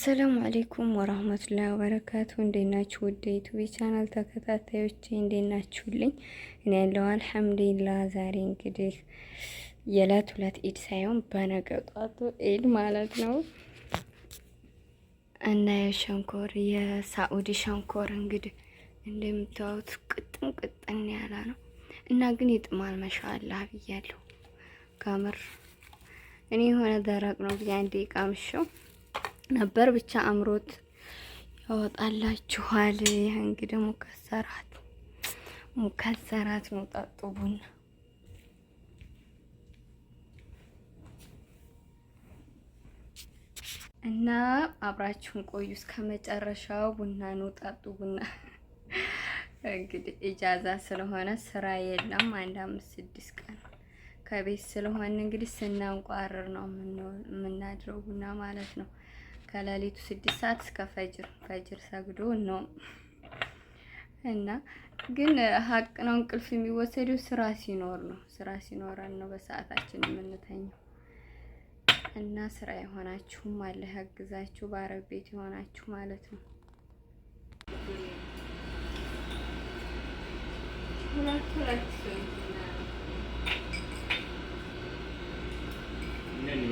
አሰላሙ አሌይኩም ወራህመቱላሂ ወበረካቱ። እንዴት ናችሁ? ውድ ዩቲዩብ ቻናል ተከታታዮች እንዴት ናችሁልኝ? እኔ ያለው አልሐምዱሊላህ። ዛሬ እንግዲህ የዕለት ሁለት ኢድ ሳይሆን በነገ ጧቱ ኢድ ማለት ነው እና የሸንኮር የሳኡዲ ሸንኮር እንግዲህ እንደምታዩት ቅጥን ቅጥን ያለ ነው እና ግን ይጥማል። ማሻአላህ ብያለሁ። ከምር እኔ የሆነ ደረቅ ነው ብዬ አንዴ ቃምሽው ነበር። ብቻ አምሮት ያወጣላችኋል። ይህ እንግዲህ ሙከሰራት ሙከሰራት ነው። ጠጡ ቡና እና አብራችሁን ቆዩ እስከ መጨረሻው። ቡና ነው ጠጡ ቡና። እንግዲህ ኢጃዛ ስለሆነ ስራ የለም። አንድ አምስት ስድስት ቀን ከቤት ስለሆነ እንግዲህ ስናንቋርር ነው የምናድረው ቡና ማለት ነው። ከሌሊቱ ስድስት ሰዓት እስከ ፈጅር ፈጅር ሰግዶ ነው እና ግን ሀቅ ነው። እንቅልፍ የሚወሰደው ስራ ሲኖር ነው። ስራ ሲኖረን ነው በሰዓታችን የምንተኘው። እና ስራ የሆናችሁም አለ ያግዛችሁ፣ በአረብ ቤት የሆናችሁ ማለት ነው። ሁለት ሁለት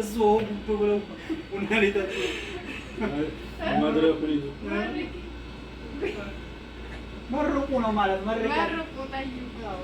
እሱ ጉብ ብለው ቡና ሊጠጡ መድረኩን ይዞ መርቁ ነው ማለት መርቁ ጠይቀው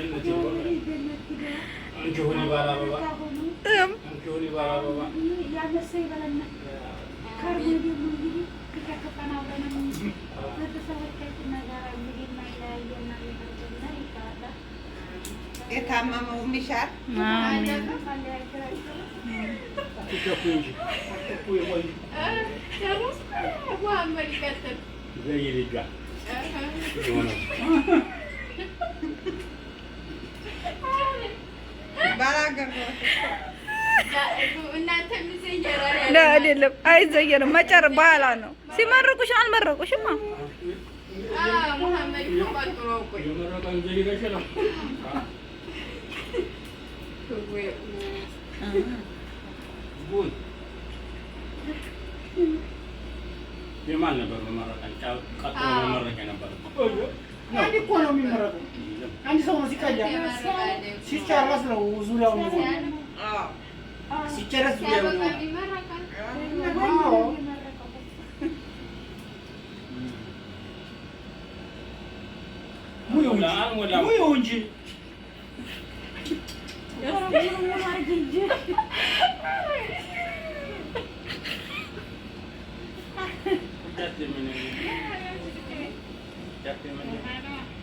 انكحوني بارا بابا انكحوني بارا بابا የታመመው ሚሻል ዘይ ልጇ አይደለም አይዘየርም። መጨር ባህላ ነው። ሲመርቁሽ አልመረቁሽማ የማን ነበር መመረቅ? ቀጥሎ መመረቅ የነበረ ነው እኮ ነው የሚመረቀው አንድ ሰው ነው ሲቀያ ሲጨረስ ነው ዙሪያው ነው ሲጨረስ ዙሪያው ነው። ሙዩ እንጂ Thank you.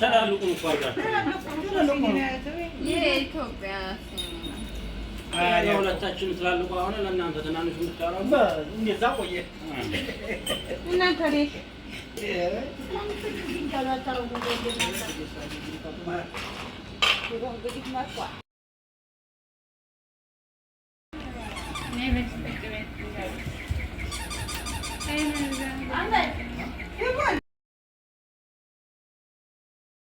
ትላልቁን እኮ አድርጋችሁ የሁለታችን ትላልቁ ሆነ ለእናንተ ትናንሹ የምታወራው እንደዛ ቆየ። እናንተ እንግዲህ Meyve beklemek güzel. Anne.